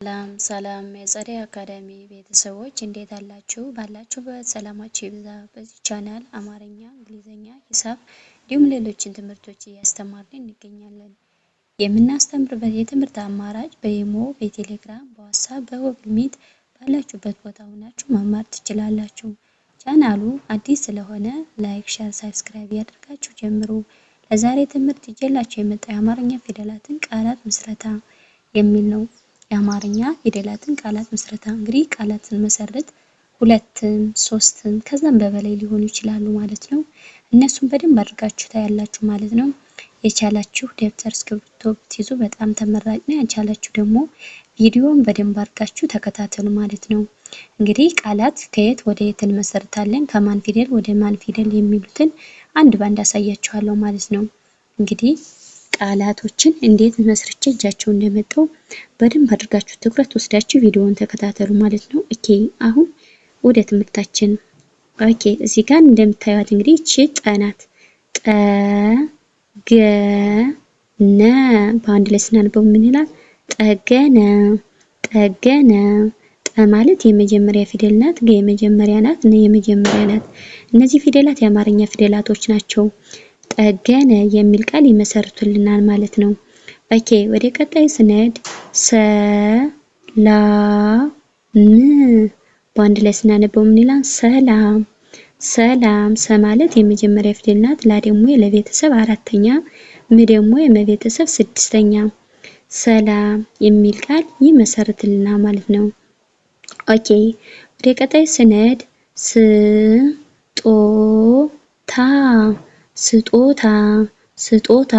ሰላም ሰላም የፀደይ አካዳሚ ቤተሰቦች እንዴት አላችሁ? ባላችሁበት ሰላማችሁ ይብዛ። በዚህ ቻናል አማርኛ፣ እንግሊዝኛ፣ ሂሳብ እንዲሁም ሌሎችን ትምህርቶች እያስተማርን እንገኛለን። የምናስተምርበት የትምህርት አማራጭ በኢሞ፣ በቴሌግራም፣ በዋትሳፕ፣ በጎግል ሚት ባላችሁበት ቦታ ሆናችሁ መማር ትችላላችሁ። ቻናሉ አዲስ ስለሆነ ላይክ፣ ሸር፣ ሳብስክራይብ ያደርጋችሁ ጀምሩ። ለዛሬ ትምህርት ይዤላችሁ የመጣ የአማርኛ ፊደላትን ቃላት ምስረታ የሚል ነው። የአማርኛ ፊደላትን ቃላት ምስረታ እንግዲህ ቃላትን መሰረት ሁለትም ሶስትም ከዛም በበላይ ሊሆኑ ይችላሉ ማለት ነው። እነሱን በደንብ አድርጋችሁ ታያላችሁ ማለት ነው። የቻላችሁ ደብተር እስክሪብቶ ብትይዙ በጣም ተመራጭ ነው። ያልቻላችሁ ደግሞ ቪዲዮውን በደንብ አድርጋችሁ ተከታተሉ ማለት ነው። እንግዲህ ቃላት ከየት ወደ የት እንመሰርታለን፣ ከማን ፊደል ወደ ማን ፊደል የሚሉትን አንድ ባንድ አሳያችኋለሁ ማለት ነው እንግዲህ ቃላቶችን እንዴት መስርቼ እጃቸው እንደመጣው በደንብ አድርጋችሁ ትኩረት ወስዳችሁ ቪዲዮውን ተከታተሉ ማለት ነው። ኦኬ አሁን ወደ ትምህርታችን። ኦኬ እዚህ ጋር እንደምታዩት እንግዲህ እቺ ጠናት ጠ ገ ነ በአንድ ላይ ስናንበው ይላል? ጠገነ ጠገነ። ጠ ማለት የመጀመሪያ ፊደል ናት። ገ የመጀመሪያ ናት። ነ የመጀመሪያ ናት። እነዚህ ፊደላት የአማርኛ ፊደላቶች ናቸው። ጠገነ የሚል ቃል ይመሰርቱልናል ማለት ነው። ኦኬ ወደ ሰ ላ ም በአንድ ላይ ስናነበው ምን ይላል? ሰላም ሰላም። ሰ ማለት የመጀመሪያ ፊደል ናት። ላ ደግሞ ለቤተሰብ አራተኛ፣ ም ደግሞ የመቤተሰብ ስድስተኛ። ሰላም የሚል ቃል ይመሰርትልናል ማለት ነው። ኦኬ ወደ ስ ጦ ስጦታ ስጦታ ስጦታ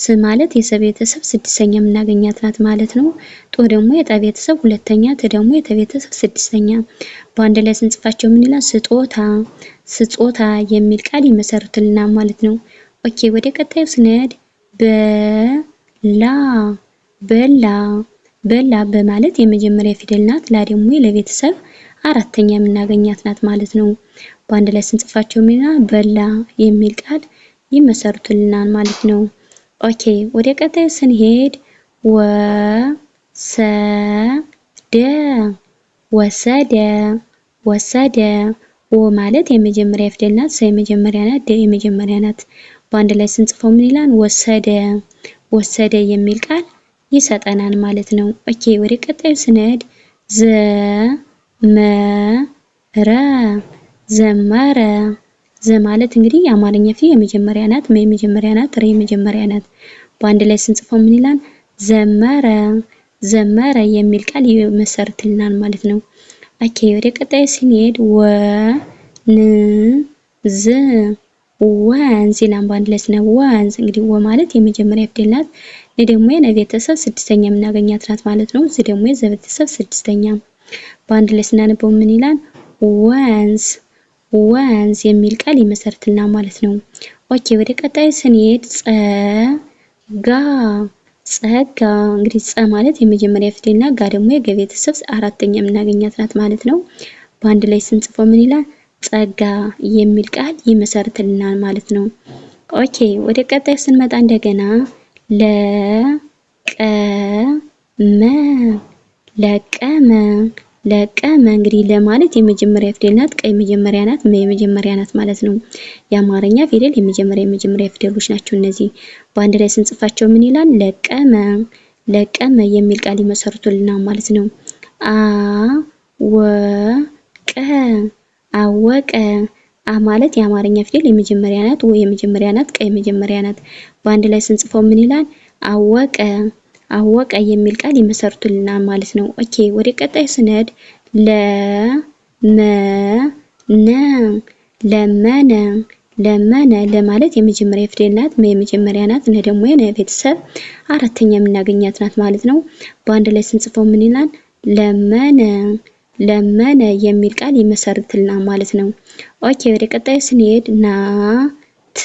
ስ ማለት የሰ ቤተሰብ ስድስተኛ የምናገኛት ናት ማለት ነው። ጦ ደግሞ የጠ ቤተሰብ ሁለተኛ፣ ት ደግሞ የተ ቤተሰብ ስድስተኛ። በአንድ ላይ ስንጽፋቸው ምን ይላል? ስጦታ ስጦታ የሚል ቃል ይመሰርትልናል ማለት ነው። ኦኬ ወደ ቀጣዩ ስንሄድ በላ በላ በላ በማለት የመጀመሪያ ፊደል ናት። ላ ደግሞ ለቤተሰብ አራተኛ የምናገኛት ናት ማለት ነው። በአንድ ላይ ስንጽፋቸው ሚና በላ የሚል ቃል ይመሰርቱልናል ማለት ነው። ኦኬ ወደ ቀጣዩ ስንሄድ ደ ወሰደ ወሰደ ወ ማለት የመጀመሪያ ፊደል ናት። ሰ የመጀመሪያ ናት። ደ የመጀመሪያ ናት። በአንድ ላይ ስንጽፈው ምን ይላል? ወሰደ ወሰደ የሚል ቃል ይሰጠናል ማለት ነው። ኦኬ ወደ ቀጣዩ ስንሄድ ዘመረ ዘመረ ዘ ማለት እንግዲህ የአማርኛ ፊደል የመጀመሪያ ናት። መ የመጀመሪያ ናት። ሬ የመጀመሪያ ናት። በአንድ ላይ ስንጽፈው ምን ይላል? ዘመረ ዘመረ የሚል ቃል ይመሰርትልናል ማለት ነው። ኦኬ ወደ ቀጣይ ስንሄድ ወ ን ዝ ወንዝ ይላል። በአንድ ላይ ስነ ወንዝ እንግዲህ ወ ማለት የመጀመሪያ ፊደል ናት። ን ደግሞ የነቤተሰብ ስድስተኛ የምናገኛት ናት ማለት ነው። ዝ ደግሞ የዘቤተሰብ ስድስተኛ በአንድ ላይ ስናነበው ምን ይላል? ወንዝ ወንዝ የሚል ቃል ይመሰርትና ማለት ነው። ኦኬ ወደ ቀጣይ ስንሄድ ጋ ጸጋ እንግዲህ ጸ ማለት የመጀመሪያ ና ጋ ደግሞ የገ ቤተሰብ አራተኛ የምናገኛት ናት ማለት ነው። በአንድ ላይ ስንጽፎ ምን ይላል? ጸጋ የሚል ቃል ይመሰርትልናል ማለት ነው። ኦኬ ወደ ቀጣይ ስንመጣ እንደገና ለቀመ ለቀመ ለቀ እንግዲህ ለማለት የመጀመሪያ ፊደል ናት። ቀ የመጀመሪያ ናት። መ የመጀመሪያ ናት ማለት ነው። የአማርኛ ፊደል የመጀመሪያ የመጀመሪያ ፊደሎች ናቸው እነዚህ። በአንድ ላይ ስንጽፋቸው ምን ይላል? ለቀመ ለቀመ የሚል ቃል ይመሰርቱልናል ማለት ነው። አ ወ ቀ አወቀ አ ማለት የአማርኛ ፊደል የመጀመሪያ ናት። ወ የመጀመሪያ ናት። ቀ የመጀመሪያ ናት። በአንድ ላይ ስንጽፈው ምን ይላል? አወቀ አወቀ የሚል ቃል ይመሰርቱልናል ማለት ነው። ኦኬ ወደ ቀጣይ ስነድ ነ ለመነ ለመነ ለማለት የመጀመሪያ ፊደል ናት፣ የመጀመሪያ ናት። እነ ደግሞ ቤተሰብ አራተኛ የምናገኛት ናት ማለት ነው። በአንድ ላይ ስንጽፈው ምን ይላል? ለመነ ለመነ የሚል ቃል ይመሰርትልናል ማለት ነው። ኦኬ ወደ ቀጣይ ስንሄድ ት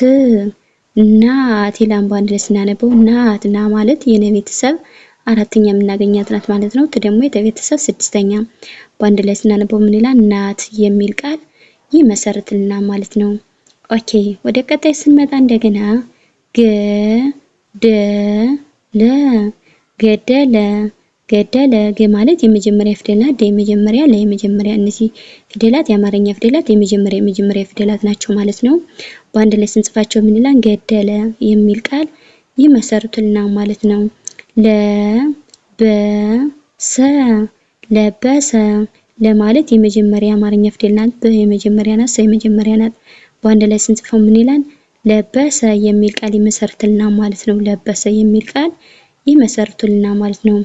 ናት ይላል በአንድ ላይ ስናነበው ናት ና ማለት የነ ቤተሰብ አራተኛ የምናገኛት ናት ማለት ነው። ደግሞ የተቤተሰብ ስድስተኛ በአንድ ላይ ስናነበው ምን ይላል? ናት የሚል ቃል ይመሰርትልና ማለት ነው። ኦኬ ወደ ቀጣይ ስንመጣ እንደገና ገ ደ ለ ገደለ ገደለ ገ ማለት የመጀመሪያ ፊደልና ደ የመጀመሪያ ለ የመጀመሪያ እነዚህ ፊደላት የአማርኛ ፊደላት የመጀመሪያ የመጀመሪያ ፊደላት ናቸው ማለት ነው። በአንድ ላይ ስንጽፋቸው ይላል? ገደለ የሚል ቃል ይመሰርቱልና ማለት ነው። ሰ ለበሰ ለማለት የመጀመሪያ የአማርኛ ፊደል ናት። በ የመጀመሪያ ናት። ሰ የመጀመሪያ ናት። በአንድ ላይ ስንጽፈው ይላል? ለበሰ የሚል ቃል ይመሰርቱልናል ማለት ነው። ለበሰ የሚል ቃል ይመሰርቱልና ማለት ነው።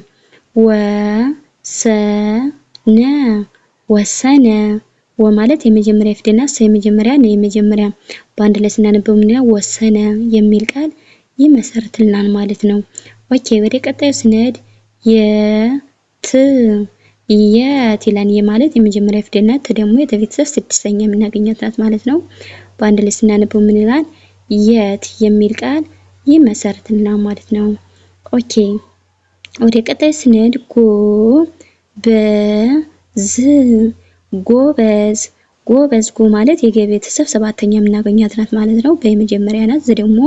ነ ወሰነ ወማለት የመጀመሪያ ፊደልና ሰ የመጀመሪያ ነው የመጀመሪያ በአንድ ላይ ስናነበው ምን ይላል? ወሰነ የሚል ቃል ይመሰርትልናል ማለት ነው። ኦኬ ወደ ቀጣዩ ስንሄድ የት የት ይላል። የማለት የመጀመሪያ ፊደል ናት። ደግሞ የተቤተሰብ ስድስተኛ የምናገኛት ናት ማለት ነው። በአንድ ላይ ስናነበው ምን ይላል? የት የሚል ቃል ይመሰርትልናል ማለት ነው። ኦኬ ወደ ቀጣዩ ስንሄድ ጉ በ ዝም ጎበዝ ጎበዝ ጎ ማለት የገ ቤተሰብ ሰባተኛ የምናገኛት ናት ማለት ነው። በመጀመሪያ ናት። ዝ ደግሞ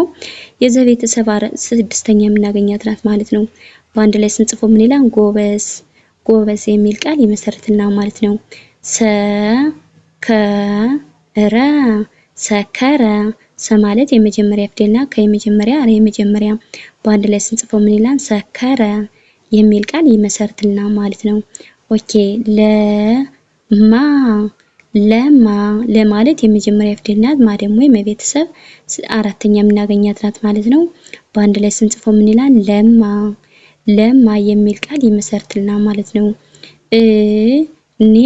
የዘ ቤተሰብ ስድስተኛ የምናገኛት ናት ማለት ነው። በአንድ ላይ ስንጽፎ ምን ይላል? ጎበዝ ጎበዝ የሚል ቃል ይመሰርትና ማለት ነው። ሰ ከ ረ ሰከረ ሰ ማለት የመጀመሪያ ፊደልና ከየመጀመሪያ ረ የመጀመሪያ በአንድ ላይ ስንጽፎ ምን ይላል? ሰከረ የሚል ቃል ይመሰርትና ማለት ነው። ኦኬ ለማ ለማ ለማለት የመጀመሪያ ፊደል ናት። ማ ደግሞ የመቤተሰብ አራተኛ የምናገኛት ናት ማለት ነው። በአንድ ላይ ስንጽፎ ምን ይላል? ለማ ለማ የሚል ቃል ይመሰርትልና ማለት ነው። እኔ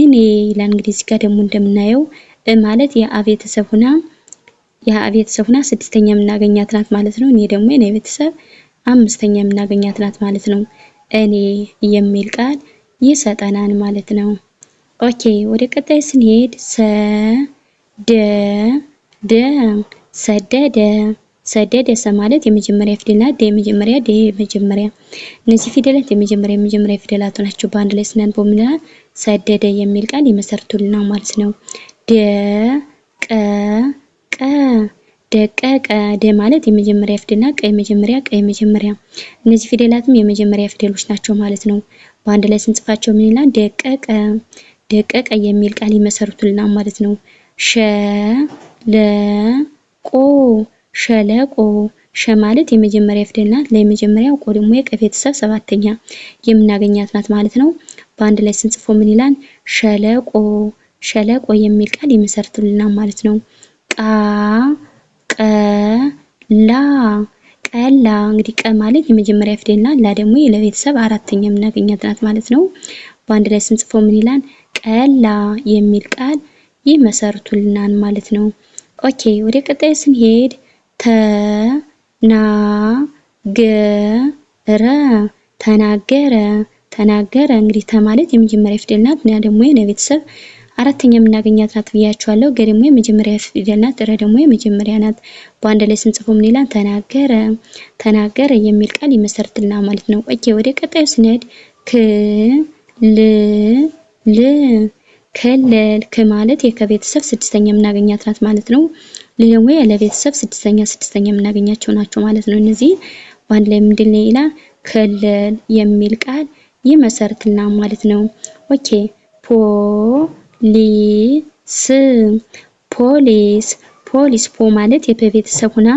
እኔ ይላል እንግዲህ እዚህ ጋር ደግሞ እንደምናየው ማለት የአቤተሰብ ሁና የአቤተሰብ ሁና ስድስተኛ የምናገኛት ናት ማለት ነው። እኔ ደግሞ የኔ ቤተሰብ አምስተኛ የምናገኛት ናት ማለት ነው። እኔ የሚል ቃል ይሰጠናል ማለት ነው። ኦኬ ወደ ቀጣይ ስንሄድ ሰ ደ ደ ሰደደ ሰደደ ሰ ማለት የመጀመሪያ ፊደል ናት። ደ የመጀመሪያ ደ የመጀመሪያ እነዚህ ፊደላት የመጀመሪያ የመጀመሪያ ፊደላት ናቸው። በአንድ ላይ ስናንበው ምን ሰደደ የሚል ቃል ይመሰርቱልናል ማለት ነው። ደ ቀ ቀ ደቀ ደ ማለት የመጀመሪያ እና ቀ የመጀመሪያ ቀ የመጀመሪያ እነዚህ ፊደላትም የመጀመሪያ ፊደሎች ናቸው ማለት ነው። በአንድ ላይ ስንጽፋቸው ምን ይላል? ደቀ ቀ የሚል ቃል ይመሰርቱልናል ማለት ነው። ሸለቆ ሸለቆ ሸ ማለት የመጀመሪያ ፊደል ናት። ለመጀመሪያው ቆ ደግሞ የቀ ቤተሰብ ሰባተኛ የምናገኛት ናት ማለት ነው። በአንድ ላይ ስንጽፎ ምን ይላል? ሸለቆ ሸለቆ የሚል ቃል ይመሰርቱልናል ማለት ነው። ቃ ቀላ ቀላ እንግዲህ ቀ ማለት የመጀመሪያ ፊደል ናት። ላ ደግሞ ለቤተሰብ አራተኛ የምናገኛት ናት ማለት ነው። በአንድ ላይ ስንጽፎ ምን ይላል? ቀላ የሚል ቃል ይህ መሰርቱልናን ማለት ነው። ኦኬ ወደ ቀጣይ ስንሄድ ተናገረ ተናገረ ተናገረ እንግዲህ ማለት የመጀመሪያ ፊደል ናት። ና ደግሞ ለቤተሰብ አራተኛ የምናገኛት ናት ብያችኋለሁ። ገ ደግሞ የመጀመሪያ ፊደል ናት። ረ ደግሞ የመጀመሪያ ናት። በአንድ ላይ ምን ይላል? ተናገረ ተናገረ የሚል ቃል ይመሰርትልና ማለት ነው። ኦኬ ወደ ቀጣዩ ስንሄድ ክ ል ል ከለል ማለት የከቤተሰብ ስድስተኛ የምናገኛት ናት ማለት ነው። ደግሞ የለቤተሰብ ስድስተኛ ስድስተኛ የምናገኛቸው ናቸው ማለት ነው። እነዚህ በአንድ ላይ ምንድን ነው ይላል ከለል የሚል ቃል ይመሰርትልና ማለት ነው። ኦኬ ፖ ሊ ስ ፖሊስ ፖሊስ ፖ ማለት የቤተሰብ ሆና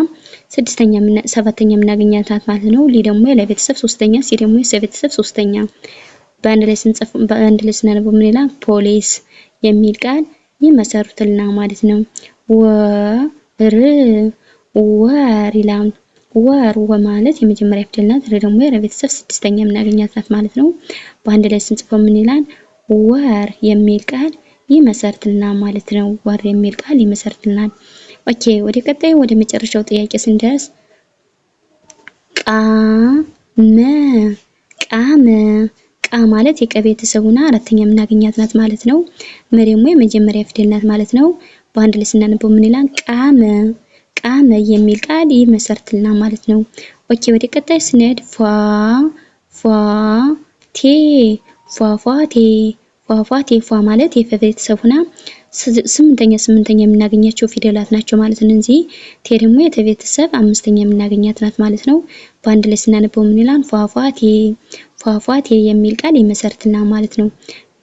ስድስተኛ ምና ሰባተኛ የምናገኛት ማለት ነው። ሊ ደግሞ ለቤተሰብ ሶስተኛ፣ ሲ ደግሞ የቤተሰብ ሶስተኛ። በአንድ ላይ ስንጽፍ በአንድ ላይ ስናነበው ምን ይላል? ፖሊስ የሚል ቃል ይመሰርቱልና ማለት ነው። ወ ር ወር ይላል። ወር ወ ማለት የመጀመሪያ ፊደል ናት። ር ደግሞ ለቤተሰብ ስድስተኛ የምናገኛት ናት ማለት ነው። በአንድ ላይ ስንጽፈው ምን ይላል? ወር የሚል ቃል ይመሰርትና ማለት ነው። ወር የሚል ቃል ይመሰርትልናል። ኦኬ ወደ ቀጣይ ወደ መጨረሻው ጥያቄ ስንደርስ ቃመ ቃመ ቃ ማለት የቀ ቤተሰቡና አራተኛ የምናገኛት ናት ማለት ነው። መ ደግሞ የመጀመሪያ ፊደል ናት ማለት ነው። በአንድ ላይ ስናነበው ምን ይላል? ቃመ ቃመ የሚል ቃል ይመሰርትልና ማለት ነው። ኦኬ ወደ ቀጣይ ስንሄድ ፏ ፏ ቴ ቴ ፏፏቴ ፏ ማለት የፈ ቤተሰብ ሆና ስምንተኛ ስምንተኛ የምናገኛቸው ፊደላት ናቸው ማለት ነው። እንጂ ቴ ደግሞ የተ ቤተሰብ አምስተኛ የምናገኛት ናት ማለት ነው። በአንድ ላይ ስናነበው ምን ይላል? ፏፏቴ ፏፏቴ የሚል ቃል ይመሰርትና ማለት ነው።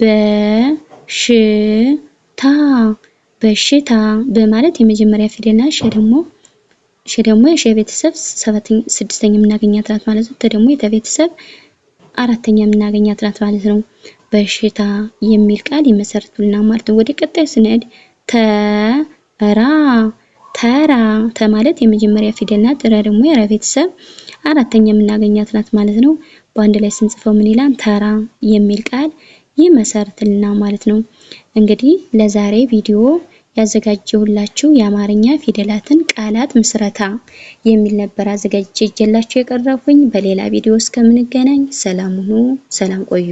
በሽታ በሽታ በማለት የመጀመሪያ ፊደልና ሸ ደግሞ ሸ ደግሞ የሸ ቤተሰብ ስድስተኛ የምናገኛት ናት ማለት ነው። ተ ደግሞ የተ ቤተሰብ አራተኛ የምናገኛት ናት ማለት ነው። በሽታ የሚል ቃል ይመሰርቱልና ማለት ነው። ወደ ቀጣዩ ስንሄድ ተራ ተራ ተ ማለት የመጀመሪያ ፊደል ናት። ደግሞ የራ ቤተሰብ አራተኛ የምናገኛት ናት ማለት ነው። በአንድ ላይ ስንጽፈው ምን ይላል? ተራ የሚል ቃል ይመሰርትልና ማለት ነው። እንግዲህ ለዛሬ ቪዲዮ ያዘጋጀሁላችሁ የአማርኛ ፊደላትን ቃላት ምስረታ የሚል ነበር አዘጋጅቼ እጀላችሁ የቀረብኩኝ። በሌላ ቪዲዮ እስከምንገናኝ ሰላም ሁኑ፣ ሰላም ቆዩ።